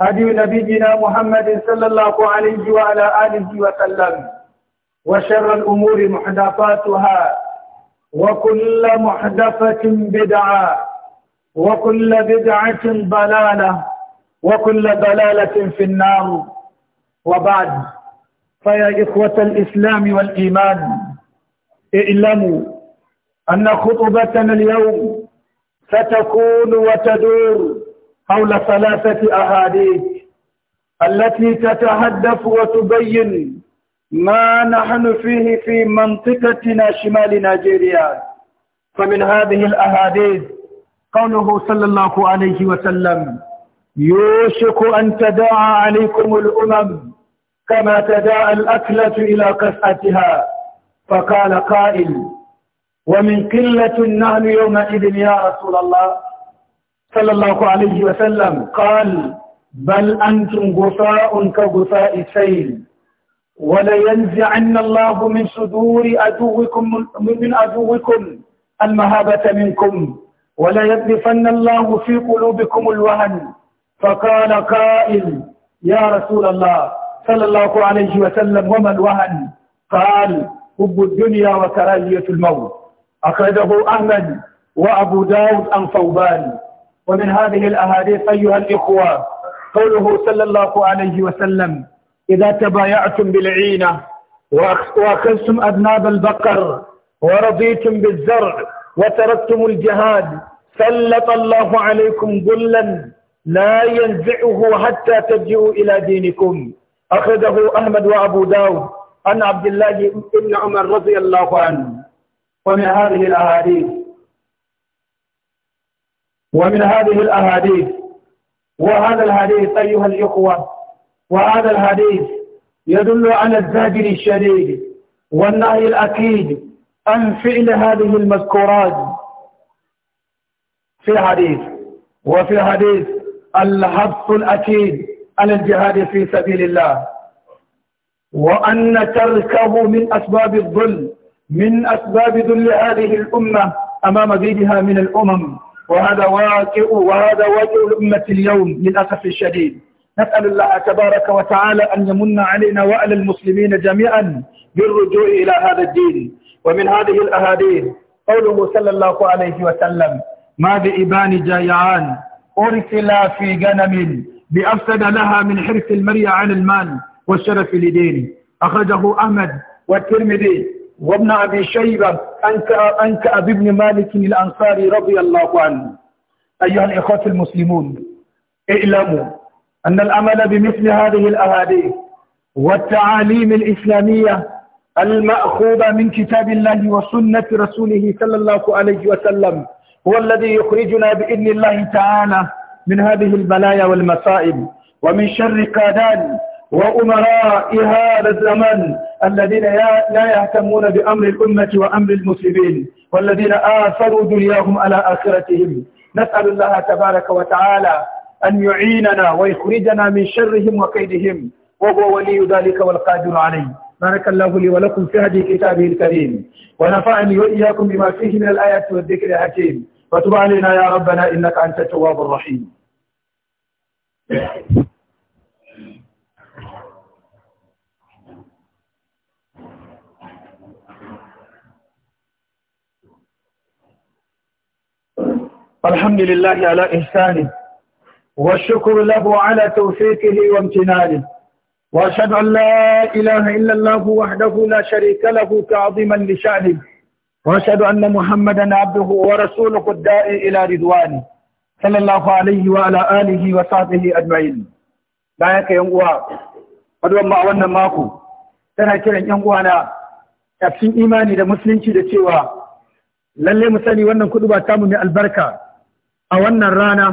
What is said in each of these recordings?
هدي نبينا محمد صلى الله عليه وعلى آله وسلم وشر الأمور محدثاتها وكل محدثة بدعة وكل بدعة ضلالة وكل ضلالة في النار وبعد فيا إخوة الإسلام والإيمان اعلموا أن خطبتنا اليوم ستكون وتدور حول ثلاثة أحاديث التي تتهدف وتبين ما نحن فيه في منطقتنا شمال نيجيريا فمن هذه الأحاديث قوله صلى الله عليه وسلم يوشك أن تداعى عليكم الأمم كما تداعى الأكلة إلى قسعتها فقال قائل ومن قلة النهل يومئذ يا رسول الله صلى الله عليه وسلم قال بل أنتم غثاء كغثاء السيل ولينزعن الله من صدور عدوكم من عدوكم المهابة منكم وليذفن الله في قلوبكم الوهن فقال قائل يا رسول الله صلى الله عليه وسلم وما الوهن قال حب الدنيا وكراهية الموت أخرجه أحمد وأبو داود عن ثوبان ومن هذه الأحاديث أيها الإخوة قوله صلى الله عليه وسلم إذا تبايعتم بالعينة وأخذتم أذناب البقر ورضيتم بالزرع وتركتم الجهاد سلط الله عليكم ظلا لا ينزعه حتى ترجعوا إلى دينكم أخذه أحمد وأبو داود عن عبد الله بن عمر رضي الله عنه ومن هذه الأحاديث ومن هذه الأحاديث وهذا الحديث أيها الإخوة وهذا الحديث يدل على الزجر الشديد والنهي الأكيد عن فعل هذه المذكورات في الحديث وفي الحديث الحبس الأكيد على الجهاد في سبيل الله وأن تركه من أسباب الظل من أسباب ذل هذه الأمة أمام زيدها من الأمم وهذا واقع وهذا واقع الأمة اليوم للأسف الشديد نسأل الله تبارك وتعالى أن يمن علينا وعلى المسلمين جميعا بالرجوع إلى هذا الدين ومن هذه الأهاديث قوله صلى الله عليه وسلم ما بإبان جايعان أرسلا في غنم بأفسد لها من حرص المرء عن المال والشرف لدينه أخرجه أحمد والترمذي وابن أبي شيبة أنك أبي بن مالك الأنصاري رضي الله عنه أيها الإخوة المسلمون اعلموا أن الأمل بمثل هذه الأحاديث والتعاليم الإسلامية المأخوذة من كتاب الله وسنة رسوله صلى الله عليه وسلم هو الذي يخرجنا بإذن الله تعالى من هذه البلايا والمصائب ومن شر قادان وأمراء هذا الزمن الذين لا يهتمون بأمر الأمة وأمر المسلمين والذين آثروا دنياهم على آخرتهم نسأل الله تبارك وتعالى أن يعيننا ويخرجنا من شرهم وكيدهم وهو ولي ذلك والقادر عليه بارك الله لي ولكم في هذه كتابه الكريم ونفعني وإياكم بما فيه من الآيات والذكر الحكيم وتب علينا يا ربنا إنك أنت التواب الرحيم الحمد لله على إحسانه والشكر له على توفيقه وامتنانه وأشهد أن لا إله إلا الله وحده لا شريك له تعظيما لشأنه وأشهد أن محمدا عبده ورسوله الداعي إلى رضوانه صلى الله عليه وعلى آله وصحبه أجمعين بايك يا أنقوى ودوى ما أولنا ماكو tana kiran ‘yan uwana tafsin imani da musulunci da cewa lalle mu sani wannan kudu ba tamu mai albarka a wannan rana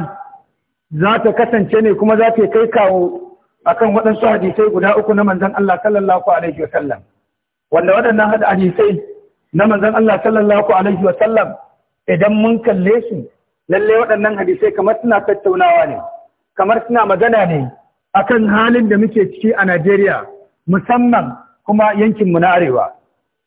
za ta kasance ne kuma za ta kai kawo a kan waɗansu hadisai guda uku na manzon Allah sallallahu alaihi Wasallam. wanda waɗannan hadisai na manzon Allah sallallahu alaihi Wasallam idan mun kalle su lalle waɗannan hadisai kamar suna tattaunawa ne kamar suna magana ne A kan halin da muke ciki a Najeriya musamman kuma yankin mu na arewa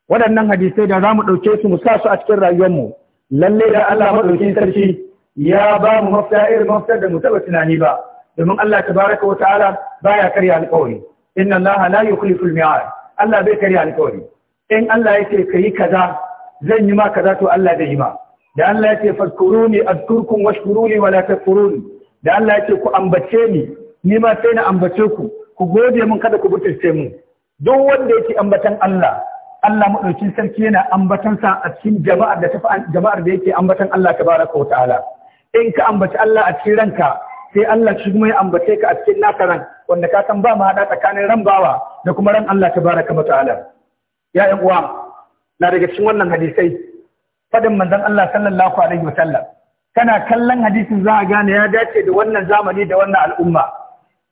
waɗannan hadisai da za mu ɗauke su mu sa su a cikin rayuwarmu lalle da Allah maɗauki sarki ya ba mu mafita irin mafitar da mu taba tunani ba domin Allah tabaraka wa ta'ala baya karya alƙawari inna Allah la yukhlifu al-mi'ad Allah bai karya alƙawari in Allah yake kai kaza zan yi ma kaza to Allah zai yi ma da Allah yake fadkuruni adkurkum washkuruni wa la takfuruni da Allah yake ku ambace ni ni ma sai na ambace ku ku gode mun kada ku butulce mu duk wanda yake ambatan Allah Allah madaukin sarki yana ambatansa a cikin jama'ar da jama'ar da yake ambatan Allah tabaraka wa ta'ala in ka ambaci Allah a cikin ranka sai Allah shi kuma ya ambace ka a cikin naka ran wanda ka san ba ma hada tsakanin ran bawa da kuma ran Allah tabaraka wa ta'ala ya yan uwa na daga cikin wannan hadisai fadin manzon Allah sallallahu alaihi wa sallam kana kallon hadisin za a gane ya dace da wannan zamani da wannan al'umma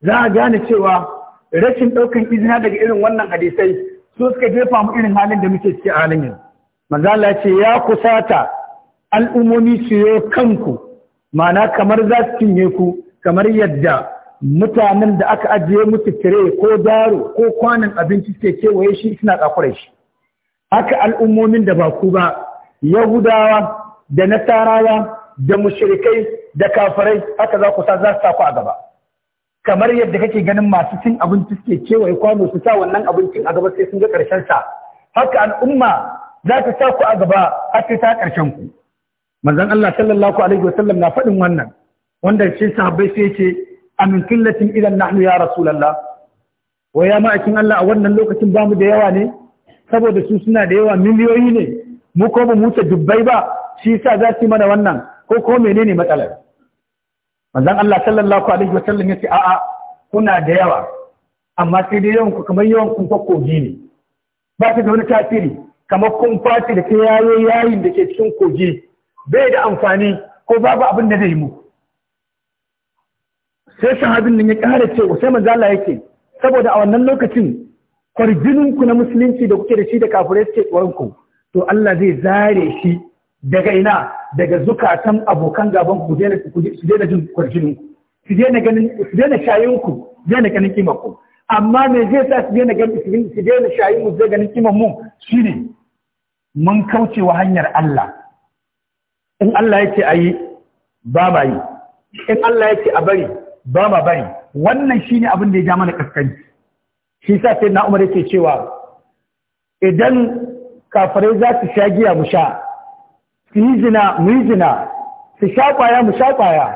za a gane cewa rashin ɗaukan izina daga irin wannan hadisai su suka jefa mu irin halin da muke ciki a halin yanzu manzo Allah ya ce ya kusata al'umomi su yo kanku ma'ana kamar za su cinye ku kamar yadda mutanen da aka ajiye musu tire ko daro ko kwanan abinci suke kewaye shi suna tsakure shi haka al'ummomin da ba ku ba yahudawa da nasarawa da mushrikai da kafarai, haka za ku sa za su sa ku a gaba kamar yadda kake ganin masu cin abinci suke kewaye kwano su sa wannan abincin a gaba sai sun ga ƙarshen sa haka al'umma za ta sa ku a gaba har sai ta ƙarshen ku Manzan Allah sallallahu alaihi sallam na faɗin wannan wanda ce sahabbai sai ce amin killatin idan nahnu ya rasulullah wa ya ma'akin Allah a wannan lokacin bamu da yawa ne saboda su suna da yawa miliyoyi ne mu ko mu wuce dubbai ba shi sa za su mana wannan ko ko menene matsalar manzon Allah sallallahu alaihi ya ce a'a kuna da yawa amma sai dai yawan ku kamar yawan kun kogi ne ba ta da wani tasiri kamar kun fati da ke yayin da ke cikin kogi bai da amfani ko babu abin da zai mu sai sahabin nan ya ƙara cewa sai manzo yake saboda a wannan lokacin kwarjinin na musulunci da kuke da shi da kafirai suke tsoron to Allah zai zare shi daga ina daga zukatan abokan gaban ku su daina jin kwarjinin su daina ganin su daina shayin ku su daina ganin kimanku. amma me zai sa su daina ganin su daina shayin mu su daina ganin kimar shi ne mun kauce wa hanyar Allah in Allah ya ce a yi ba ma yi in Allah ya ce a bari ba ma bari wannan shi ne abin da ya ja mana kaskani shi sa sai na umar yake cewa idan kafirai za su sha giya mu sha su yi zina mu yi zina su sha kwaya mu sha kwaya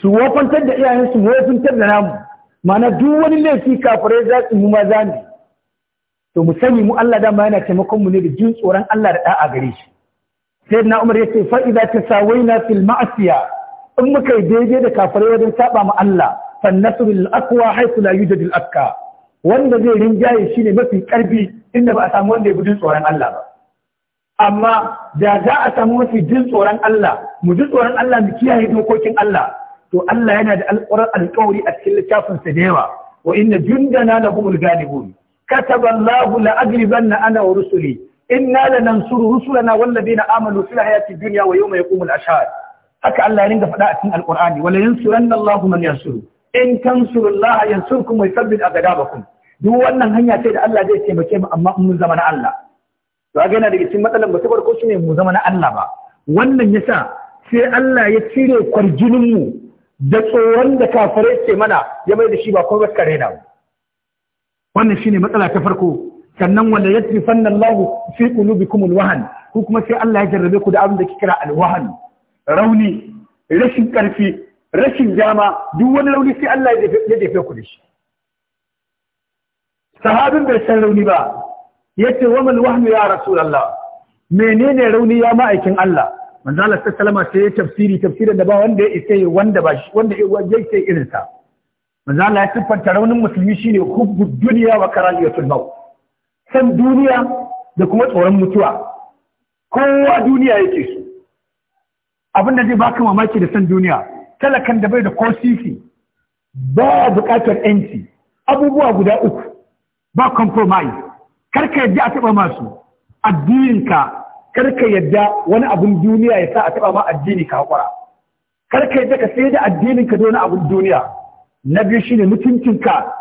su wofantar da iyayensu mu wofantar da namu mana duk wani laifi kafirai za su mu maza ne to mu sani mu Allah dama yana taimakon mu ne da jin tsoron Allah da a gare shi sai na umar ya ce fa'ida ta sawaina fil ma'asiya in muka yi daidai da kafare wajen saba ma Allah fan nasrul aqwa haythu la yujadu al akka wanda zai rinjaye ne mafi karfi inda ba a samu wanda ya bi tsoron Allah ba amma da za a samu mafi jin tsoron Allah mu ji tsoron Allah mu kiyaye dokokin Allah to Allah yana da alƙurar alƙawari a cikin littafin sa da yawa wa inna jundana lahumul ghalibun kataba Allahu la agribanna ana wa rusuli inna lanansuru rusulana wallazina amanu fil hayati dunya wa yawma yaqumul ashhad haka Allah ya ringa faɗa a cikin alqur'ani wala yansuranna Allahu man yansuru in tansurullaha yansurkum wa yuthabbit aqdamakum duk wannan hanya ce da Allah zai taimake mu amma mun zama na Allah to ga yana daga cikin matsalar ba ta farko shine mu zama na Allah ba wannan yasa sai Allah ya cire kwarjinin mu da tsoron da kafirai ce mana ya mai da shi ba kuma kare na wannan shine matsala ta farko sannan wanda ya fanna Allah fi qulubikum alwahan ko kuma sai Allah ya jarrabe ku da abin da kira alwahan rauni rashin karfi rashin dama duk wani rauni sai Allah ya jefe ku da shi sahabin bai san rauni ba yace wa mal wahnu ya rasulullah menene rauni ya ma'aikin Allah manzo Allah sallama sai ya tafsiri tafsirin da ba wanda ya isa wanda ba shi wanda ya isa irin sa manzo Allah ya siffanta raunin musulmi shine hubbu dunya wa karahiyatul maut san duniya da kuma tsoron mutuwa kowa duniya yake su abin da zai baka mamaki da san duniya talakan da bai da ko sisi ba bukatar yanci abubuwa guda uku ba compromise karka yadda a taba masu addininka karka yadda wani abin duniya ya sa a taba ma addini ka hakura karka yadda ka sai da addininka da wani abin duniya na biyu shine mutuncinka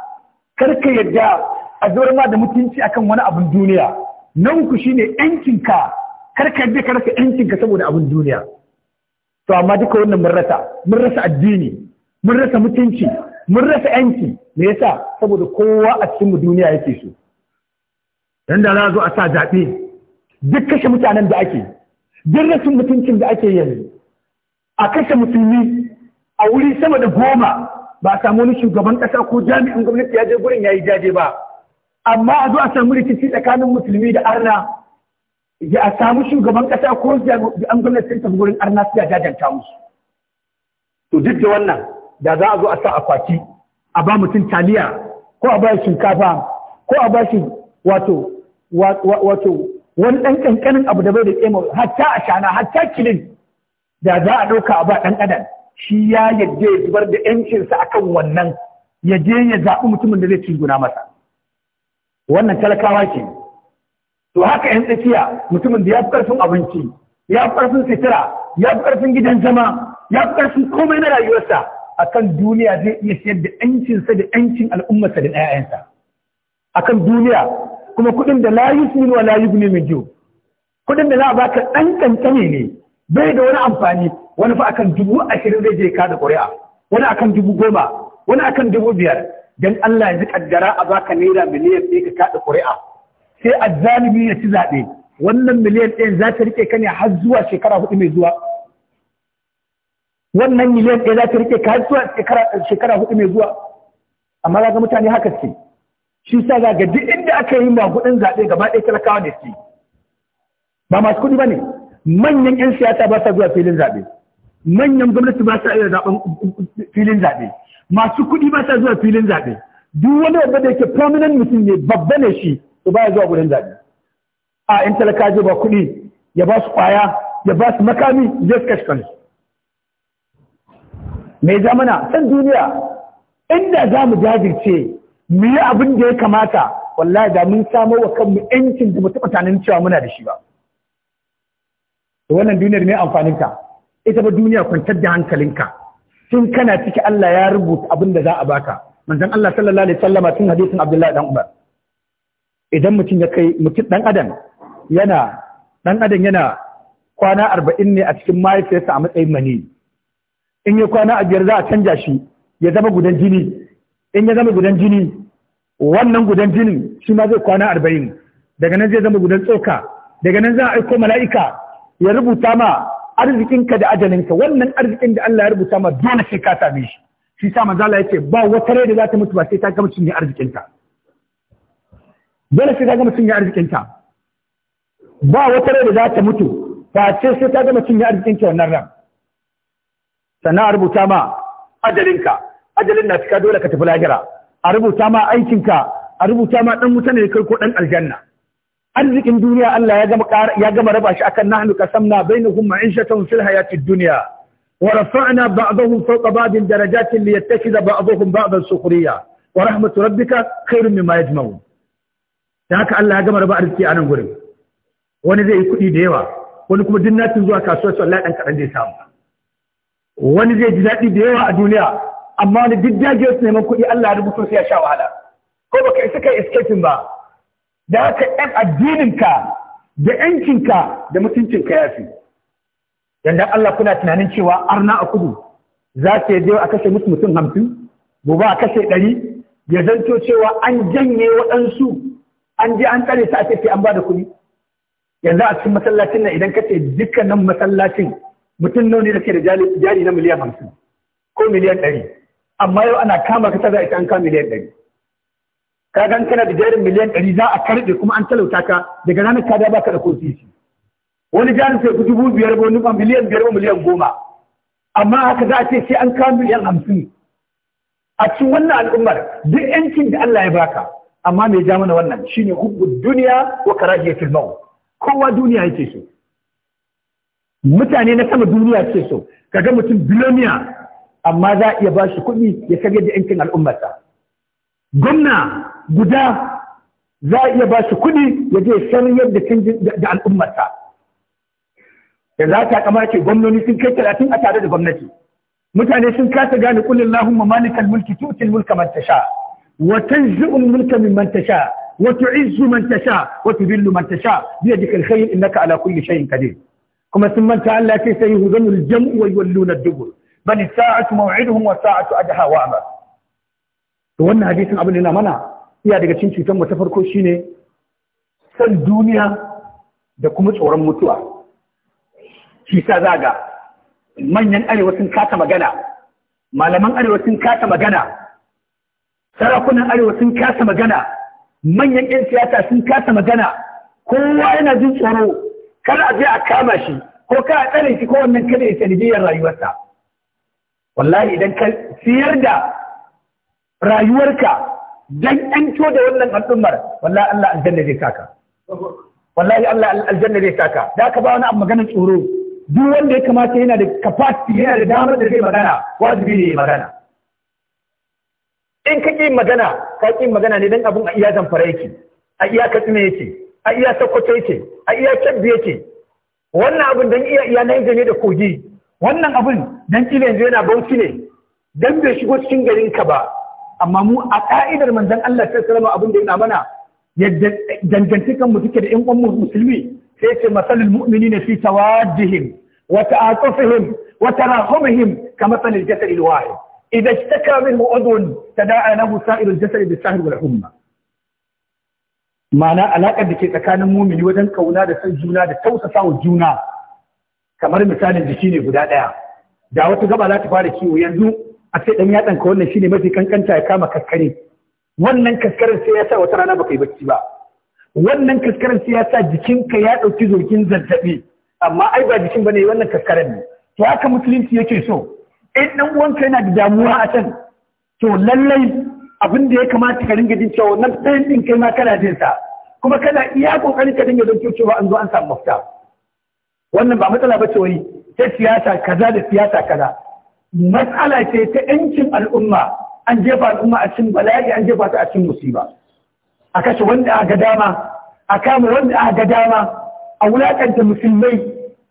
karka yadda a ma da mutunci akan wani abin duniya na uku shine yankinka karka kar ka rasa yankinka saboda abin duniya to amma duka wannan mun rasa mun rasa addini mun rasa mutunci mun rasa yanki me yasa saboda kowa a cikin duniya yake so dan da za zo a sa zaɓe duk kashe mutanen da ake duk rasin mutuncin da ake yanzu a kashe musulmi a wuri sama da goma ba a samu wani shugaban ƙasa ko jami'in gwamnati ya je gurin ya yi jaje ba amma a zo a samu rikici tsakanin musulmi da arna ya a samu shugaban kasa ko an gwamnati sun tafi gurin arna su jajanta musu to duk da wannan da za a zo a sa akwati a ba mutum taliya ko a ba shinkafa ko a ba shi wato wato wani ɗan ƙanƙanin abu da bai da ƙema hatta a shana hatta kilin da za a ɗauka a ba ɗan adam shi ya yadda ya zubar da ‘yancinsa akan wannan ya je ya zaɓi mutumin da zai guna masa wannan talakawa ke to haka yan tsakiya mutumin da ya fi karfin abinci ya fi karfin sitira ya fi karfin gidan zama ya fi karfin komai na rayuwarsa a kan duniya zai iya siyar da yancinsa da yancin al'ummarsa da 'ya'yansa kan duniya kuma kuɗin da la wa la yubni mai kuɗin da za a baka ɗan kankane ne bai da wani amfani wani fa akan dubu ashirin zai je kada ƙuri'a wani akan dubu goma wani akan dubu biyar dan Allah yanzu kaddara a baka naira miliyan ɗaya ka kaɗa ƙuri'a sai azzalimi ya ci zaɓe wannan miliyan ɗayan za ta rike ka ne har zuwa shekara hudu mai zuwa wannan miliyan ɗaya za ta rike ka har zuwa shekara hudu mai zuwa amma za ga mutane haka ce shi sa za ga duk inda aka yi ma kuɗin zaɓe gaba ɗaya talakawa da shi? ba masu kuɗi ba ne manyan 'yan siyasa ba sa zuwa filin zaɓe manyan gwamnati ba sa iya zaɓen filin zaɓe masu kuɗi ba sa zuwa filin zaɓe duk wani wanda da yake prominent mutum ne babba ne shi to baya zuwa gurin zaɓe a in talaka je ba kuɗi ya ba su ƙwaya ya ba su makami zai su kashe kansu mai zamana san duniya inda za mu jajirce mu yi abin da ya kamata wallahi da mun samo wa kanmu yancin da mu taɓa tanin cewa muna da shi ba wannan duniyar ne amfaninka ita ba duniya kwantar da hankalinka tun kana ciki Allah ya rubuta abin da za a baka manzon Allah sallallahu alaihi wasallama tun hadisin Abdullahi dan Umar idan mutum ya kai mutum dan adam yana dan adam yana kwana arba'in ne a cikin mahaifiyarsa a matsayin mani in ya kwana a biyar za a canja shi ya zama gudan jini in ya zama gudan jini wannan gudan jinin shi ma zai kwana arba'in daga nan zai zama gudan tsoka daga nan za a aiko mala'ika ya rubuta ma arzikinka da ajalinka wannan arzikin da Allah ya rubuta ma dole sai ka same shi shi sa manzo Allah yace ba wata rai da za ta mutu ba sai ta gama cinye arzikinta dole sai ta gama cinye arzikinta ba wata rai da za ta mutu ba ce sai ta gama cinye arzikinta wannan ran sannan a rubuta ma ajalinka ajalin na cika dole ka tafi lahira a rubuta ma aikinka a rubuta ma dan mutane kai ko dan aljanna arzikin duniya Allah ya gama raba shi akan nahnu qasamna bainahum ma'ishatan fil hayati dunya wa rafa'na ba'dahum fawqa ba'din darajatin liyattakhidha ba'dahum ba'dan sukhriya wa rahmatu rabbika khairun mimma yajma'un Da haka Allah ya gama raba arziki a nan gurin wani zai yi kuɗi da yawa wani kuma duk natin zuwa kasuwar sa Allah Ɗan kadan zai samu wani zai ji daɗi da yawa a duniya amma wani duk dajiyar neman kuɗi Allah ya rubuto sai ya sha wahala ko baka isa kai escaping ba da haka ‘yan addininka da ‘yancinka da mutuncinka ya fi. Yandan Allah kuna tunanin cewa arna a kudu za su yi a kashe musu mutum hamsin, gobe a kashe ɗari, ya zanto cewa an janye waɗansu an je an tsare su a sai an ba da kuɗi. Yanzu a cikin masallacin nan idan ka ce dukkanin masallacin mutum nawa ne da ke da jari na miliyan hamsin ko miliyan ɗari. Amma yau ana kama ka ta za a an kama miliyan ɗari. ka gan kana da jarin miliyan ɗari za a karɓe kuma an talauta ka daga ranar ka da baka da kofi. wani jarin sai ku dubu biyar ba wani ba miliyan biyar ba miliyan goma amma haka za a ce sai an kawo miliyan hamsin a cikin wannan al'ummar duk yancin da Allah ya baka amma me ja mana wannan shine ne duniya wa karahiyatul maut kowa duniya yake so mutane na sama duniya ke so kaga mutum biloniya amma za a iya ba shi kuɗi ya sage da yankin al'ummarsa gwamna guda za a iya ba shi kuɗi ya je san yadda canji da al'ummarsa da za ta kama ce gwamnoni sun kai talatin a tare da gwamnati mutane sun kasa gane kullum lahumma malikal mulki tutil mulka man tasha wa tanzi'ul mulka mimman tasha wa tu'izzu man tasha wa tudillu man tasha bi yadika alkhayr innaka ala kulli shay'in qadir kuma sun manta Allah ce sai yuhzanul jam'u wa yawalluna ad-dubur bal as-sa'atu maw'iduhum wa as-sa'atu adha wa amara da wannan hadisin abin yana mana iya daga cin cutar mu ta farko shine san duniya da kuma tsoron mutuwa shi sa zaga manyan arewa sun kasa magana malaman arewa sun kasa magana sarakunan arewa sun kasa magana manyan 'yan siyasa sun kasa magana kowa yana jin tsoro kar a je a kama shi ko ka a tsare shi ko wannan kada ya sanidiyar rayuwarsa wallahi idan ka siyar da rayuwarka dan yanto da wannan al'ummar wallahi Allah aljanna zai saka wallahi Allah aljanna zai saka da ka ba wani abu maganar tsoro duk wanda ya kamata yana da capacity yana da damar da zai magana wajibi ne magana in ka ƙi magana ka ƙi magana ne don abin a iya zamfara yake a iya katsina yake a iya sokoto yake a iya kyabbi yake wannan abin don iya iya nan ne da kogi wannan abin don kile yanzu yana bauchi ne dan bai shigo cikin garin ba amma mu a ƙa'idar manzon Allah sallallahu alaihi abin da yana mana yadda dangantakan mu take da ƴan uwan musulmi sai ce masalul mu'minina fi tawaddihim wa ta'atufihim wa tarahumihim ka masalil jasad wahid idza ishtaka minhu udhun tada'a lahu sa'irul jasad bis wal-humma ma'ana alaƙar da ke tsakanin mumini wajen kauna da san juna da tausasa wa juna kamar misalin jiki ne guda ɗaya da wata gaba za ta fara ciwo yanzu a ce ɗan yatsan ka wannan shine mafi kankanta ya kama kaskare wannan kaskaren sai ya sa wata rana baka yi bacci ba wannan kaskaren sai ya sa jikinka ya ɗauki zurgin zazzabi amma ai ba jikin bane wannan kaskaren ne to haka musulunci yake so in ɗan uwanka yana da damuwa a can to lallai abin da ya kamata ka ringa jin cewa wannan ɗayan din kai ma kana jin sa kuma kana iya ƙoƙarin ka dinga don cewa an zo an samu mafita wannan ba matsala ba ce wai sai siyasa kaza da siyasa kaza matsala ce ta ‘yancin al'umma an jefa al'umma a cikin bala'i an jefa ta a cikin musiba a kashe wanda aka dama a kama wanda aka dama a wulakanta musulmai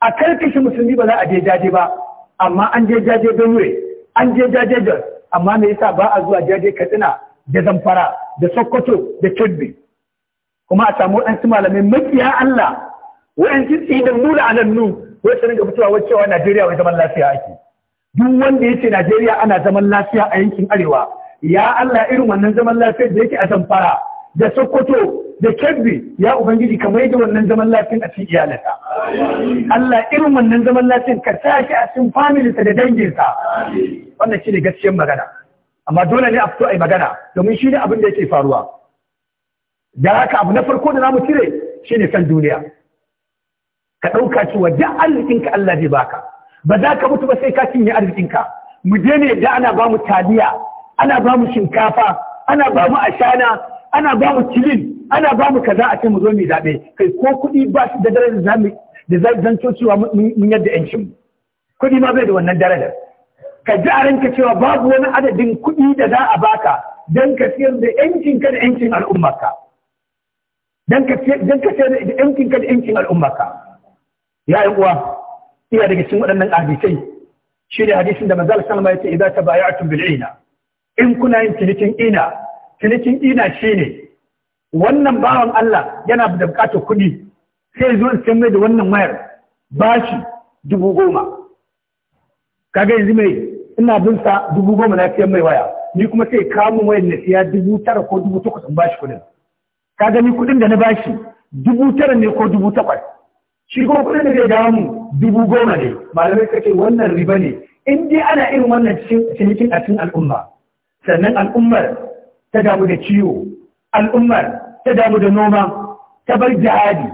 a karkashe musulmi ba za a je jaje ba amma an je jaje wuri an je jaje da amma me yasa ba a zuwa jaje katsina da zamfara da sokoto da kebbi kuma a samu waɗansu malamai makiya allah waɗansu tsidan nuna alannu wai su ringa fitowa wacewa najeriya wai zaman lafiya ake duk wanda ya ce Najeriya ana zaman lafiya a yankin arewa ya Allah irin wannan zaman lafiyar da yake a Zamfara da Sokoto da Kebbi ya ubangiji ka da wannan zaman lafiyar a cikin iyalinsa Allah irin wannan zaman lafiyar ka sa shi a cikin familinsa da danginsa wannan shi ne gaskiyar magana amma dole ne a fito a yi magana domin shi ne abin da yake faruwa da haka abu na farko da namu cire shi ne san duniya ka ɗauka cewa duk arzikinka Allah zai baka ba za ka mutu ba sai ka cinye arzikinka mu je ne da ana ba mu taliya ana ba mu shinkafa ana ba mu ashana ana ba mu cilin ana ba mu kaza a ce mu zo mu zaɓe kai ko kuɗi ba su da darajar zamu da zai zanto cewa mun yadda yancin kuɗi ma bai da wannan darajar ka ji a ranka cewa babu wani adadin kuɗi da za a baka don ka siyar da yancin ka da yancin al'ummarka don ka siyar da yancin ka da yancin al'ummarka ya uwa iya daga cikin waɗannan hadisai shi ne hadisin da manzal salama ya ce idan ta baya tun bil'ina in kuna yin cinikin ina cinikin ina shi ne wannan bawan Allah yana da buƙatar kuɗi sai zuwa cikin mai da wannan wayar bashi dubu goma kaga yanzu mai ina bin sa dubu goma na fiye mai waya ni kuma sai kamun wayar na siya dubu tara ko dubu takwas in bashi kuɗin kaga ni kuɗin da na bashi dubu tara ne ko dubu takwas shi ko kudin da zai damu dubu goma ne malamai suka ce wannan riba ne in dai ana irin wannan cinikin a cikin al'umma sannan al'ummar ta damu da ciwo al'ummar ta damu da noma ta bar jihadi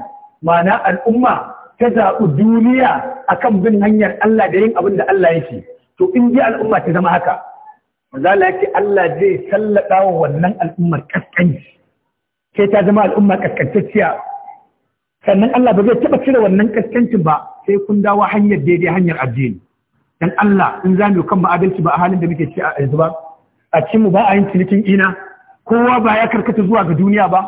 ma'ana al'umma ta zaɓi duniya akan bin hanyar Allah da yin abin da Allah yake to in ji al'umma ta zama haka maza Allah Allah zai sallaka wa wannan al'ummar kaskanci sai ta zama al'umma kaskantacciya sannan Allah ba zai taɓa cire wannan kaskancin ba sai kun dawo hanyar daidai hanyar addini dan Allah in za mu kan adalci ba a halin da muke ci a yanzu ba a cikin mu ba a yin cinikin ina kowa ba ya karkata zuwa ga duniya ba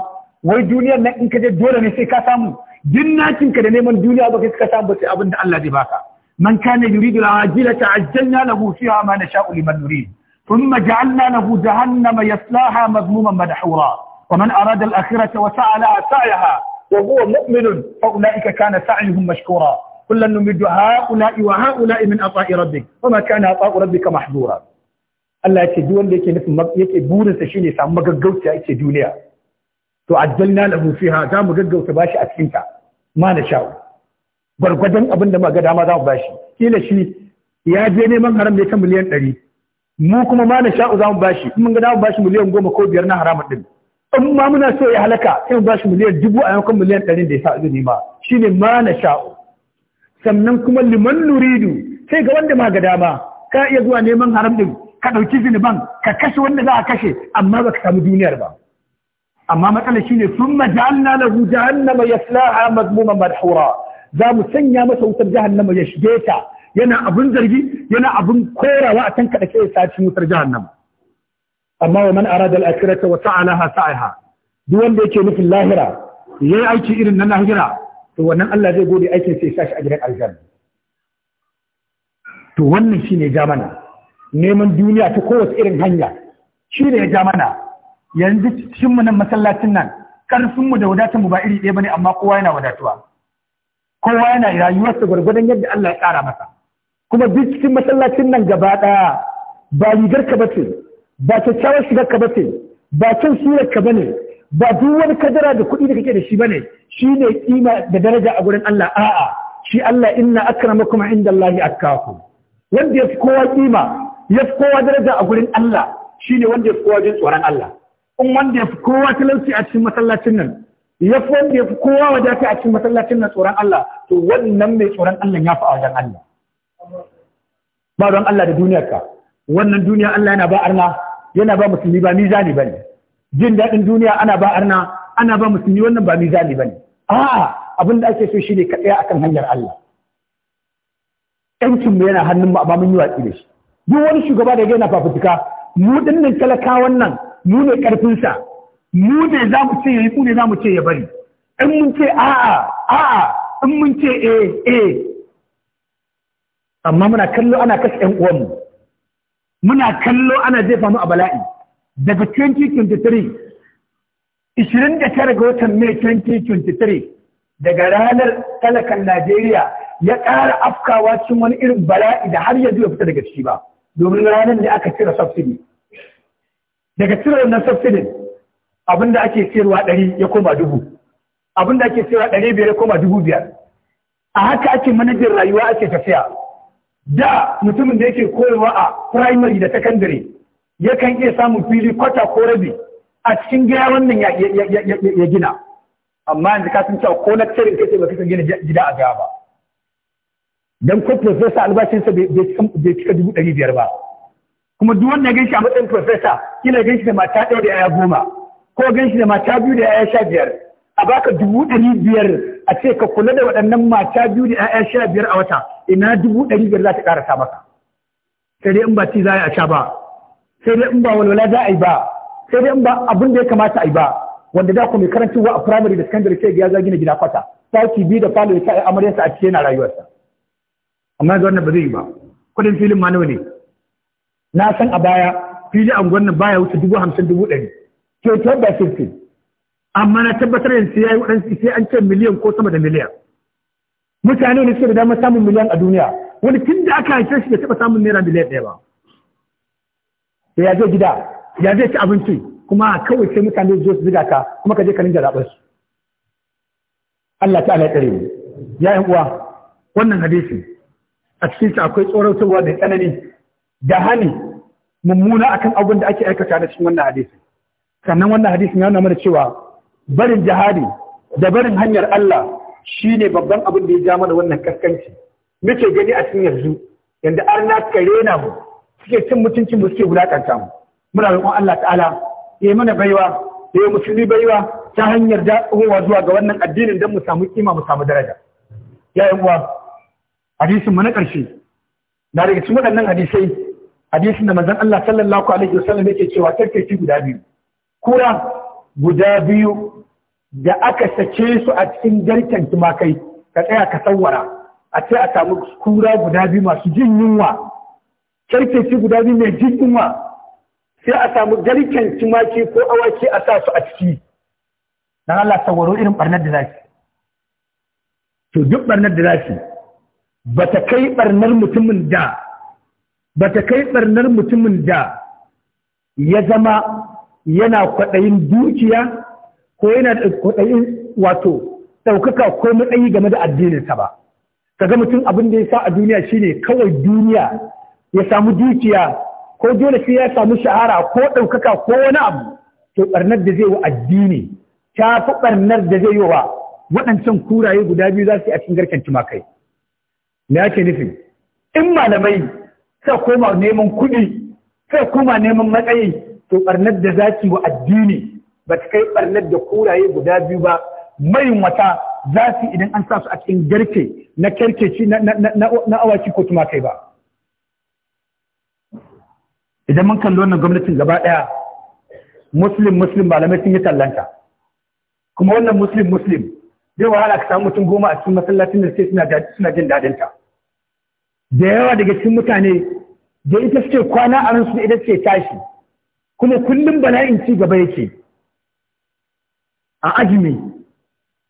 wai duniyar nan in ka je dole ne sai ka samu duk ka da neman duniya ba kai ka samu sai abin da Allah zai baka man kana yuridu ta ajila ta'ajjalna lahu fiha ma nasha'u liman nurid thumma ja'alna lahu jahannama yaslaha madhmuman madhura ومن أراد الآخرة وسعى لها سعيها وهو مؤمن فأولئك كان سعيهم مشكورا كلا نمد هؤلاء وهؤلاء من عطاء ربك وما كان عطاء ربك محظورا Allah ya ce duk wanda yake nufin yake burinsa shine samu magaggauta yake duniya to ajjalna lahu fiha za mu gaggauta bashi a cikin ta ma na sha'u gwargwadon abin da maga dama za mu bashi kila shi ya je neman haram ne ta miliyan ɗari mu kuma ma na sha'u za mu bashi in mun ga za mu bashi miliyan goma ko biyar na haramun ɗin in ma muna so ya halaka sai mu bashi miliyan dubu a yankun miliyan ɗarin da ya sa izini ma shine ma na sha'u sannan kuma liman nuridu sai ga wanda ma ga dama ka iya zuwa neman haram din ka ɗauki zinuban ka kashe wanda za a kashe amma baka samu duniyar ba amma matsalar shine sun majalna lahu jahannama yaslaha mazmuman madhura za mu sanya masa wutar jahannama ya shige ta yana abin zargi yana abin korawa a can kaɗa ke sace wutar jahannama amma wa man arada al-akhirata wa sa'alaha sa'aha duk wanda yake nufin lahira yayi aiki irin na lahira to wannan Allah zai gode aikin sai sashi a gidan aljanna to wannan shine ja mana neman duniya ta kowace irin hanya shine ya ja yanzu cikin mu nan masallacin nan karfin mu da wadatar mu ba iri ɗaya bane amma kowa yana wadatuwa kowa yana sa gwargwadon yadda Allah ya tsara masa kuma duk cikin masallacin nan gaba ɗaya ba rigar ka ce ba kyakkyawar shigar ka ba ce ba kyan surar ka ba ne ba duk wani kadara da kuɗi da kake da shi ba ne shi ne kima da daraja a gurin Allah a'a shi Allah inna akramakum inda Allah atkakum wanda ya fi kowa kima ya fi kowa daraja a gurin Allah shi ne wanda ya fi kowa jin tsoron Allah in wanda ya fi kowa talauci a cikin masallacin nan ya fi wanda ya fi kowa wadata a cikin masallacin nan tsoron Allah to wannan mai tsoron Allah ya fi a wajen Allah ba don Allah da duniyarka wannan duniya Allah yana ba arna yana ba musulmi ba mizani bane jin daɗin duniya ana ba arna ana ba musulmi wannan ba mizani bane a'a abin da ake so shine ka akan hanyar Allah yancin mu yana hannun mu amma mun yi watsi da shi duk wani shugaba da yana fafutuka mu dinnan talakawan nan mu ne karfin mu ne za mu ce yayi mu ne za ce ya bari in mun ce a'a a'a in mun ce eh eh amma muna kallo ana kashe ƴan uwanmu muna kallo ana jefa mu a bala'i daga 2023 29 ga watan mai 2023 daga ranar talakan Najeriya ya ƙara afkawa cikin wani irin bala'i da har yanzu ya fita daga ciki ba domin ranar da aka cire subsidy daga cire wannan subsidy abinda ake sayarwa ɗari ya koma dubu abinda ake sayarwa ɗari biyar ya koma dubu biyar a haka ake manajin rayuwa ake tafiya da mutumin da yake koyarwa a primary da secondary kan iya samun fili kwata ko rabi a cikin gida wannan ya gina amma yanzu ka san cewa ko na kai sai ba kika gina gida a gaba dan ko professor albashinsa bai cika dubu ɗari biyar ba kuma duk wanda ganshi a matsayin professor kila ganshi da mata ɗaya da yaya goma ko ganshi da mata biyu da yaya sha biyar a baka dubu ɗari biyar a ce ka kula da waɗannan mata biyu da 'ya'ya sha biyar a wata ina dubu ɗari biyar za ta ƙara maka sai dai in ba ci za a sha ba sai dai in ba walwala za a yi ba sai dai in ba abin da ya kamata a yi ba wanda da ku mai karancin wa a firamare da sakandare sai ya za gina gida kwata taki biyu da falo ya sa amaryarsa a cikin rayuwarsa amma yanzu wannan ba zai yi ba kuɗin filin ma nawa ne na san a baya fili a gwannan baya wuce dubu hamsin dubu ɗari kyautar ba fifty amma na tabbatar da sai yayi wadansu sai an ce miliyan ko sama da miliyan mutane ne suke da damar samun miliyan a duniya wani tun da aka haife shi bai taɓa samun naira miliyan ɗaya ba sai ya je gida ya je ci abinci kuma kawai sai mutane zo su ziga ka kuma ka je ka rinja zaɓar su Allah ta ala tsare mu ya yan uwa wannan hadisi a cikin shi akwai tsoratarwa da tsanani da hani mummuna akan abin da ake aikata da cikin wannan hadisi sannan wannan hadisin ya nuna mana cewa barin jihadi da barin hanyar Allah shi ne babban abin da ya ja mana wannan kaskanci muke gani a cikin yanzu yanda arna kare rena mu suke cin mutuncin mu suke wulakanta mu muna roƙon Allah ta'ala ya mana baiwa ya yi musulmi baiwa ta hanyar da'uwa zuwa ga wannan addinin don mu samu kima mu samu daraja ya uwa hadisin mu na ƙarshe na daga cikin waɗannan hadisai hadisin da manzon Allah sallallahu alaihi wa wasallam yake cewa tarkaci guda biyu kura guda biyu da aka sace su a cikin garken tumakai ka tsaya ka tsawara a ce a samu kura guda biyu masu jin yunwa ci guda biyu mai jin yunwa sai a samu garken tumaki ko awaki a sa su a ciki dan Allah sauraro irin barnar da zaki to duk barnar da zaki bata kai barnar mutumin da bata kai barnar mutumin da ya zama yana kwaɗayin dukiya ko yana da kwaɗayin wato ɗaukaka ko matsayi game da addininsa ba kaga mutum abin da ya sa a duniya shine kawai duniya ya samu dukiya ko dole sai ya samu shahara ko ɗaukaka ko wani abu to ɓarnar da zai wa addini ta fi ɓarnar da zai yi wa waɗancan kuraye guda biyu za su yi a cikin garken tumakai me ake nufi in malamai sai koma neman kuɗi sai koma neman matsayi to ɓarnar da za ki wa addini ba ta kai ɓarnar da kuraye guda biyu ba mai wata za su idan an sa su a cikin garke na kerkeci na awaki ko tumakai ba idan mun kalli wannan gwamnatin gaba ɗaya muslim muslim malamai sun yi tallanta kuma wannan muslim muslim zai wahala ka samu mutum goma a cikin masallacin da suke suna jin dadinta da yawa daga cikin mutane da ita suke kwana a ransu da ita suke tashi kuma kullum bala'in ci gaba yake a azumi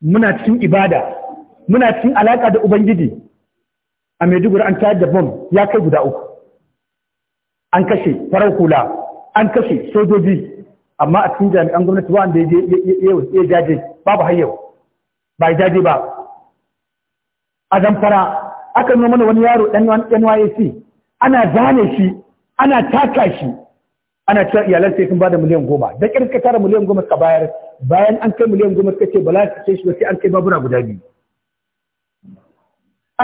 muna cikin ibada muna cikin alaka da ubangiji a maiduguri an tayar da bom ya kai guda uku an kashe farar hula an kashe sojoji amma a cikin jami'an gwamnati wanda ya jaje babu hayyau ba jaje ba a zamfara aka nuna mana wani yaro ɗan NYAC ana zane shi ana taka shi ana cewa iyalan sai sun bada miliyan goma da ƙyar ka tara miliyan goma ka bayar bayan an kai miliyan goma ka ce bala ka ce shi sai an kai babura guda biyu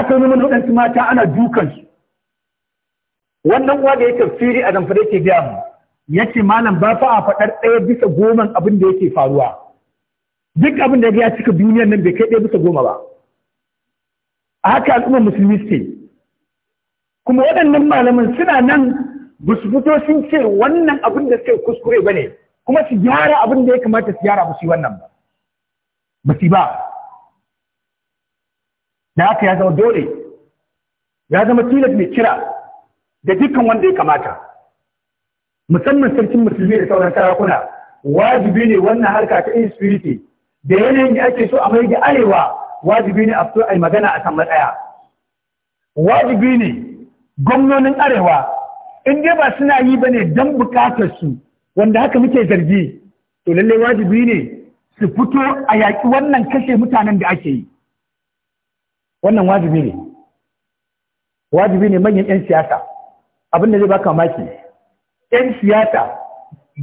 aka yi waɗansu mata ana dukan su wannan uwa da ya tafsiri a zamfara yake biya mu ya ce malam ba fa a faɗar ɗaya bisa goman abin da yake faruwa duk abin da ya cika duniyar nan bai kai ɗaya bisa goma ba a haka al'ummar musulmi suke kuma waɗannan malaman suna nan ba su fito sun ce wannan abin da suka yi kuskure ba ne kuma su gyara abin da ya kamata su gyara musu wannan ba ba su ba da haka ya zama dole ya zama tilas mai kira da dukkan wanda ya kamata musamman sarkin musulmi da sauran sarakuna wajibi ne wannan harka ta insipiriti, da yanayin da ake so a mai da arewa wajibi ne a fito a yi magana a san matsaya wajibi ne gwamnonin arewa in dai ba suna yi ba ne don bukatar su wanda haka muke zargi to lallai wajibi ne su fito a yaƙi wannan kashe mutanen da ake yi wannan wajibi ne wajibi ne manyan 'yan siyasa abin da zai baka maki 'yan siyasa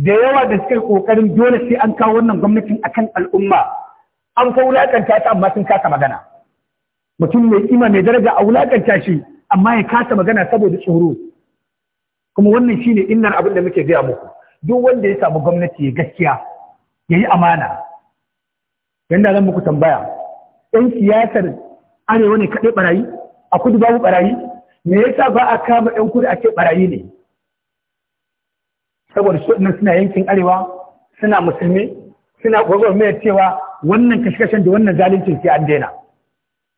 da yawa da suka ƙoƙarin dole sai an kawo wannan gwamnatin akan al'umma an fa wulaƙanta ta amma sun kasa magana mutum mai kima mai daraja a wulaƙanta shi amma ya kasa magana saboda tsoro kuma wannan shine innan abin da muke gaya muku duk wanda ya samu gwamnati gaskiya ya yi amana Yadda zan muku tambaya ɗan siyasar arewa ne kaɗai barayi a kudu babu barayi me yasa ba a kama ɗan kudu ake barayi ne saboda su nan suna yankin arewa suna musulmi suna gwagwarmayar cewa wannan kashkashen da wannan zalincin sai an daina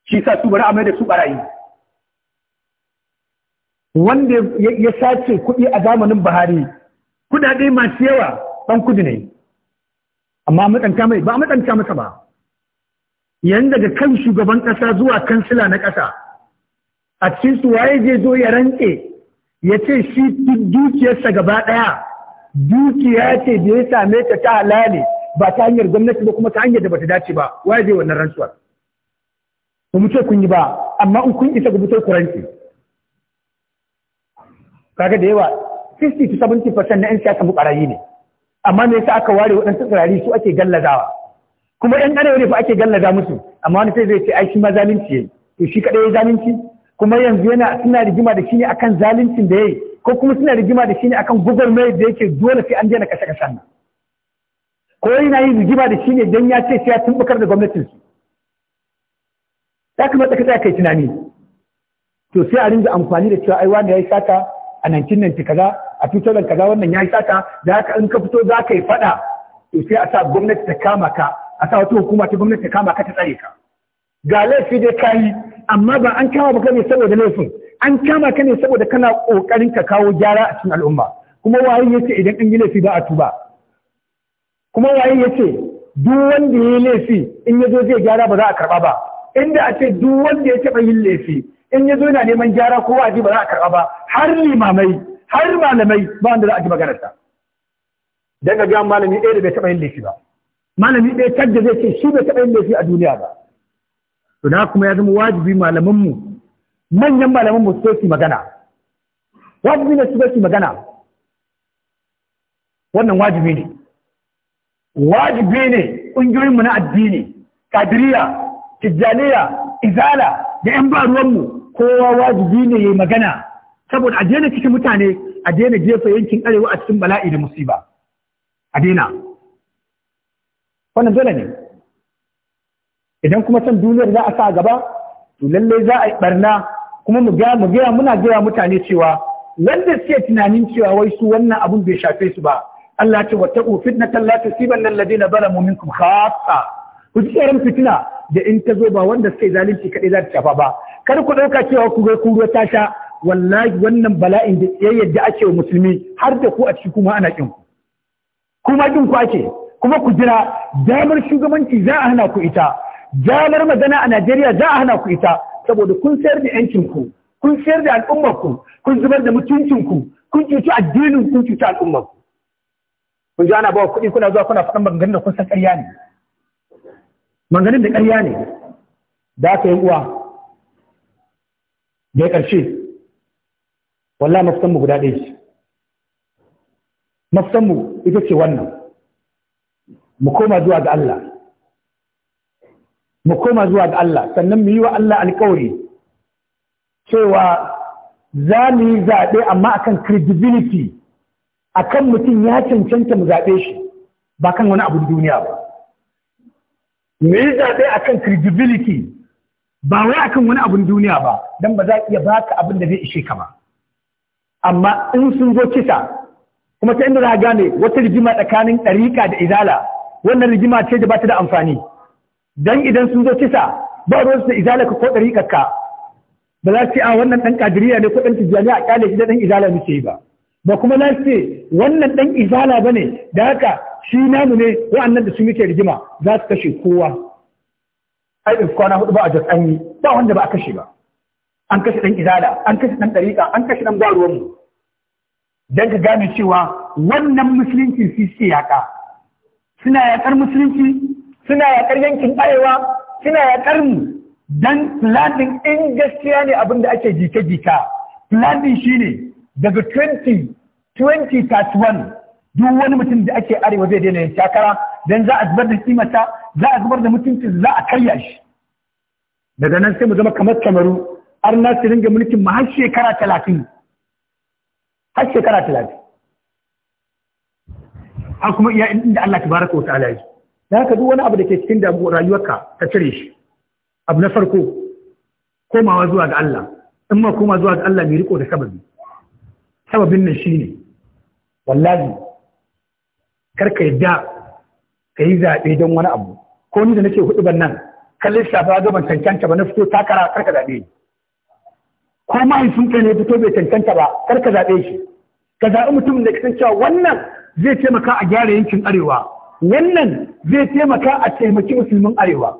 shi sa su bari a mai da su barayi wanda ya sace kuɗi a zamanin Buhari kuɗaɗe masu yawa ɗan kudu ne amma matsanta mai ba a matsanta masa ba yan daga kan shugaban ƙasa zuwa kansila na ƙasa a cikin su waye zai zo ya rantse ya ce shi dukiyarsa gaba ɗaya dukiya ce da ya same ta ta halale ba ta hanyar gwamnati ba kuma ta hanyar da bata dace ba waye zai wannan rantsuwar ba mu ce kun yi ba amma in kun isa ga fito ku rantse kaga da yawa 50 to 70% na 'yan siyasa bukarayi ne amma me yasa aka ware waɗansu tsirari su ake gallazawa kuma 'yan arewa ne fa ake gallaza musu amma wani sai zai ce ai shi ma zalunci yayi to shi kaɗai ya zalunci kuma yanzu yana suna rigima da shi ne akan zaluncin da ya yi? ko kuma suna rigima da shi ne akan gugurmai da yake dole sai an daina kashe kashen nan ko yana yin rigima da shi ne don ya ce sai ya tumbukar da gwamnatin su ya kamata ka tsaya kai tunani to sai a ringa amfani da cewa ai wanda yi sata a nan kaza a tutolan kaza wannan ya yi sata da haka in ka fito za ka yi fada to sai a sa gwamnati ta kama ka a sa wata hukuma ta gwamnati ta kama ka ta tsare ka ga laifi dai kayi amma ba an kama ka ne saboda laifin an kama ka ne saboda kana kokarin ka kawo gyara a cikin al'umma kuma waye yace idan an yi laifi ba a tuba kuma waye yace duk wanda ya yi laifi in ya zo zai gyara ba za a karba ba inda a ce duk wanda ya taɓa yin laifi in ya zo yana neman gyara ko ji ba za a karɓa ba har limamai har malamai ba wanda za a ji ta. dan ga gan malami ɗaya da bai taɓa yin laifi ba malami ɗaya tadda zai ce shi bai taɓa yin laifi a duniya ba to na kuma ya zama wajibi mu, manyan mu su su magana wajibi ne su su magana wannan wajibi ne wajibi ne ƙungiyoyinmu na addini kadiriya tijjaniya izala da yan ba ruwanmu kowa wajibi ne ya yi magana saboda a daina cikin mutane a daina jefa yankin arewa a cikin bala'i da musiba a daina wannan dole ne idan kuma san duniyar za a sa gaba to lallai za a yi barna kuma mu gaya muna gaya mutane cewa wanda suke tunanin cewa wai su wannan abun bai shafe su ba Allah ce wata fitnatan la tusibanna na zalamu minkum khassa ku ji tsaron fitina da in ta zo ba wanda suka yi zalunci kaɗai za ta shafa ba kar ku ɗauka cewa ku ga ruwa ta sha wallahi wannan bala'in da yadda ake wa musulmi har da ku a ciki kuma ana ƙin ku kuma ƙin ku ake kuma ku jira damar shugabanci za a hana ku ita damar magana a Najeriya za a hana ku ita saboda kun sayar da yancin ku kun sayar da al'ummar ku kun zubar da mutuncin ku kun cuci addinin kun cuci al'ummar ku kun ji ana ba kuɗi kuna zuwa kuna faɗan maganganun da kun san ƙarya ne manganin da ƙarya ne da aka yi uwa da ya ƙarshe walla mafitanmu guda ɗaya ce mafisanmu ita ce wannan mu koma zuwa ga Allah mu koma zuwa ga Allah sannan mu yi wa Allah alƙawari cewa za mu yi zaɓe amma akan credibility akan mutum ya cancanta mu zaɓe shi ba kan wani abu duniya ba me yi zaɓe a kan credibility ba wai akan wani abin duniya ba don ba za iya ba ka abin da zai ishe ka ba amma in sun zo kisa kuma ta inda za gane wata rigima tsakanin ɗarika da izala wannan rigima ce da ba ta da amfani don idan sun zo kisa ba ruwan su izala ka ko ɗarikar ka ba za su yi a wannan ɗan kadiriya ne ko ɗan tijjani a ƙyale shi da ɗan izala muke yi ba ba kuma na ce wannan ɗan izala ba ne da haka shi namu ne wa'annan da su muke rigima za su kashe kowa ai da kwana hudu ba a jas an yi ba wanda ba a kashe ba an kashe dan izala an kashe dan dariƙa an kashe dan gwaruwanmu dan ka gane cewa wannan musulunci su suke yaƙa suna yaƙar musulunci suna yaƙar yankin arewa suna yaƙar mu dan planning in gaskiya ne abin da ake jike-jika planning shine daga 20 2031 duk wani mutum da ake arewa zai daina yin takara dan za a zubar da kimata za a zubar da mutunci za a karya shi daga nan sai mu zama kamar kamaru har na su ringa mulkin mu har shekara talatin har shekara talatin har kuma iya inda Allah ta baraka wa ta'ala yi da haka duk wani abu da ke cikin damuwa rayuwarka ka cire shi abu na farko komawa zuwa ga Allah in ma koma zuwa ga Allah mai riko da sababi sababin nan shine wallahi karka yadda ka yi zaɓe don wani abu ko ni da nake hudu ban nan kan ta ga gaban cancanta ba na fito takara karka zaɓe ko mahaifinka ne fito bai cancanta ba karka zaɓe shi ka zaɓi mutumin da kasan cewa wannan zai taimaka a gyara yankin arewa wannan zai taimaka a taimaki musulmin arewa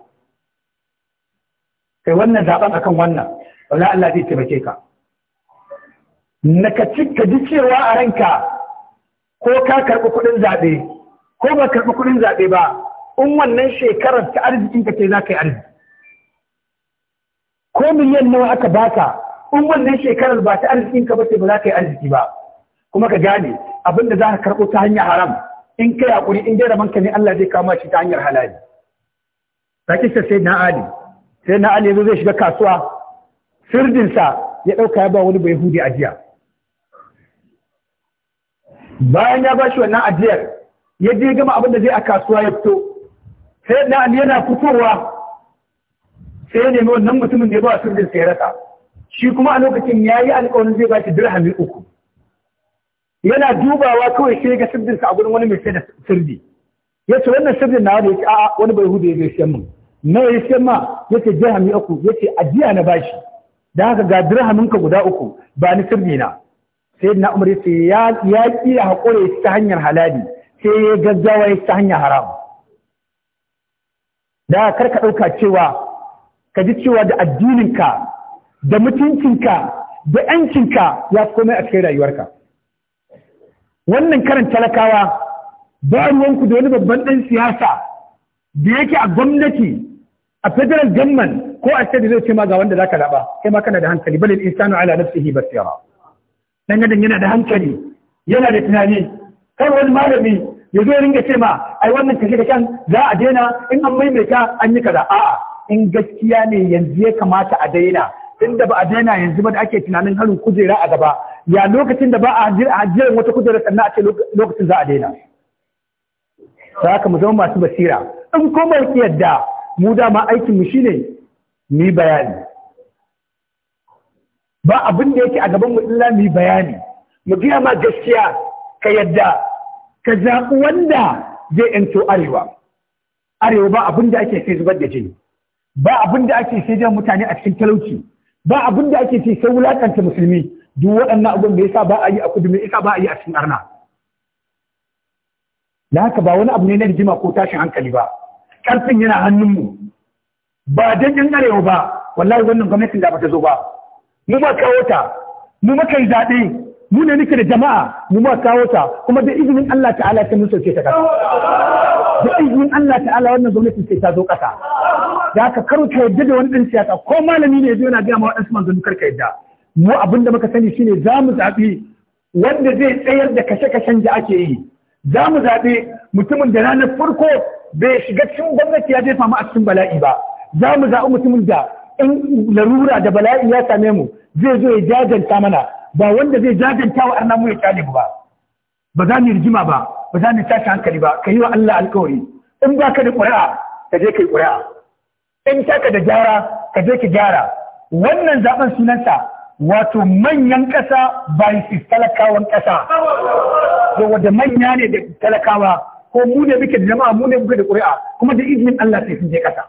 kai wannan zaɓen akan wannan wala Allah zai taimake ka na ka ji cewa a ranka ko ka karɓi kuɗin zaɓe ko ba karɓi kuɗin zaɓe ba in wannan shekarar ta arzikin ka ce za ka yi arziki ko miliyan nawa aka baka in wannan shekarar ba ta arzikin ka ba ce ba za ka yi arziki ba kuma ka gane abin da za ka karɓo ta hanyar haram in kai hakuri in dai ramanka ne Allah zai kama shi ta hanyar halali Ta kisa sai na ali sai na ali yanzu zai shiga kasuwa sirdinsa ya ɗauka ya ba wani bai hudi ajiya bayan ya ba shi wannan ajiyar ya je gama abin da zai a kasuwa ya fito sai yana fitowa sai ya nemi wannan mutumin da ya ba sirrin sai rasa shi kuma a lokacin ya yi alƙawarin zai ba shi dirhami uku yana dubawa kawai sai ga sa a gurin wani mai sai da sirri ya ce wannan sirrin na wani ya ce a wani bai hudu ya zai siyan mu. na ya siyan ma ya ce dirhami uku ya ce ajiya na bashi da haka ga dirhamin ka guda uku ba ni sirri na sai na umar sai ya ya kira hakuri ta hanyar halali sai ya gaggawa ya ta hanyar haram da karka ka dauka cewa ka ji cewa da addininka da mutuncinka da yancinka ya fi komai a cikin rayuwarka wannan karan talakawa ba ruwanku da wani babban dan siyasa da yake a gwamnati a federal government ko a state zai ce ma ga wanda zaka zaɓa kai ma kana da hankali balil insanu ala nafsihi basira dan adam yana da hankali yana da tunani kar wani malami ya zo ringa ce ma ai wannan kashe da kan za a daina in an maimaita an yi kaza a'a in gaskiya ne yanzu ya kamata a daina inda ba a daina yanzu ba da ake tunanin harin kujera a gaba ya lokacin da ba a hajiyar wata kujera sannan a ce lokacin za a daina ta haka mu zama masu basira in kuma yadda mu dama aikin mu shine ni bayani ba abin da yake a gaban mu illa mu bayani mu gaya ma gaskiya ka yadda ka zaɓi wanda zai yanto arewa arewa ba abin da ake sai zubar da jini ba abin da ake sai jan mutane a cikin talauci ba abin da ake sai wulakanta musulmi duk waɗannan abin da yasa ba a yi a kudu me yasa ba a yi a cikin arna da haka ba wani abu ne na rigima ko tashin hankali ba ƙarfin yana hannunmu ba don yan arewa ba wallahi wannan gwamnatin da ba ta zo ba mu ma kawo ta mu maka yi zaɓe mu ne nake da jama'a mu ma kawo ta kuma da izinin Allah ta'ala ta mun sauke ta kasa da izinin Allah ta'ala wannan gwamnati sai ta zo kasa da aka karu ta yadda da wani ɗan siyasa ko malami ne zai yana biya ma waɗansu manzanni kar ka yadda mu abinda muka sani shine za mu zaɓi wanda zai tsayar da kashe-kashen da ake yi za mu zaɓi mutumin da ranar farko bai shiga cikin gwamnati ya jefa mu a cikin bala'i ba za mu zaɓi mutumin da in larura da bala'i ya same mu zai zo ya jajanta mana ba wanda zai jajanta wa annamu ya kyale ba ba za mu rigima ba ba za mu tashi hankali ba ka yi wa Allah alkawari in baka da ƙuri'a ka je kai ƙuri'a in taka da gyara ka je ka gyara wannan zaben sunansa wato manyan ƙasa ba su talakawan ƙasa da manya ne da talakawa ko mu ne muke da jama'a mu ne muke da ƙuri'a kuma da izinin Allah sai sun je ƙasa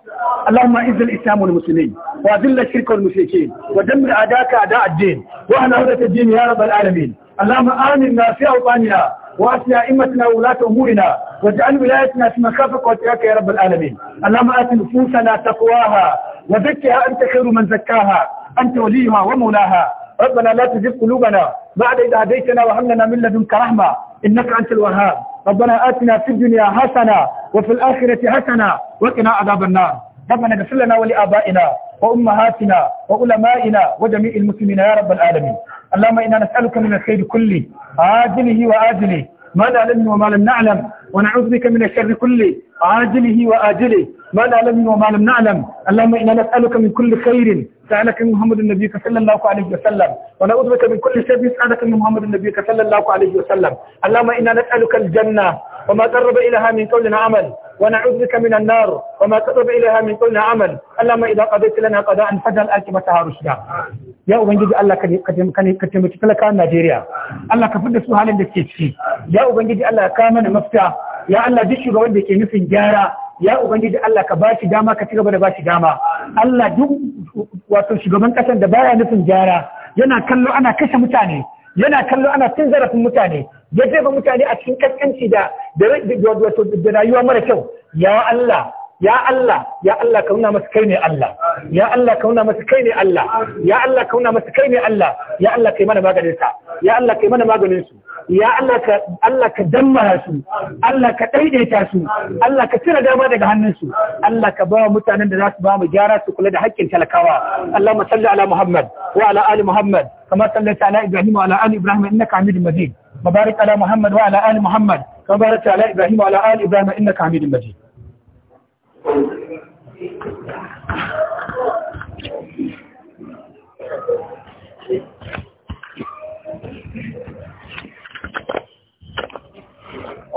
Allahumma izzil islam wal muslimin wa dhill shirk wal mushrikeen wa dammir adaka a ad-din wa ana hada ta din ya rabbal alamin Allahumma aminna fi awqanina wa asya immatna wa ulat umurina waj'al wilayatina fi makafaka wa tiyaka ya rabbal alamin Allahumma ati nufusana taqwaha wa zakkiha anta khairu man zakkaha anta waliha wa mawlaha ربنا لا تزغ قلوبنا بعد إذا هديتنا وهب لنا من لدنك رحمة إنك أنت الوهاب ربنا آتنا في الدنيا حسنة وفي الآخرة حسنة وقنا عذاب النار ربنا اغفر لنا ولآبائنا وأمهاتنا وعلمائنا وجميع المسلمين يا رب العالمين اللهم إنا نسألك من الخير كله عاجله وآجله ما نعلم وما لم نعلم ونعوذ بك من الشر كله عاجله وآجله ما نعلم وما لم نعلم اللهم إنا نسألك من كل خير سألك من محمد النبي صلى الله عليه وسلم ونعوذ بك من كل شر سألك من محمد النبي صلى الله عليه وسلم اللهم إنا نسألك الجنة وما قرب إليها من قول عمل ونعوذ بك من النار وما قرب إليها من قول عمل اللهم إذا قضيت لنا قضاء فجل آكبتها رشدا ya ubangiji Allah ka taimaki talaka Najeriya Allah ka fidda su halin da ke ciki ya ubangiji Allah ka mana mafita ya Allah duk shugaban da ke nufin gyara ya ubangiji Allah ka bashi dama ka ci gaba da bashi dama Allah duk wato shugaban kasan da baya nufin gyara yana kallo ana kashe mutane yana kallo ana cin zarafin mutane ya jefa mutane a cikin kaskanci da da rayuwa mara kyau ya Allah ya Allah ya Allah ka nuna masa kai ne Allah ya Allah ka nuna masa kai ne Allah ya Allah ka nuna masa kai ne Allah ya Allah kai mana maganin sa ya Allah kai mana maganin su ya Allah ka damma su Allah ka daidaita su Allah ka cire dama daga hannunsu Allah ka ba mutanen da za su ba mu gyara su kula da haƙƙin talakawa Allahumma salli ala Muhammad wa ala ali Muhammad kama sallaita ala Ibrahim wa ala ali Ibrahim innaka Hamidum Majid mubarak ala Muhammad wa ala ali Muhammad kama barakta ala Ibrahim wa ala ali Ibrahim innaka Hamidum Majid Thank you.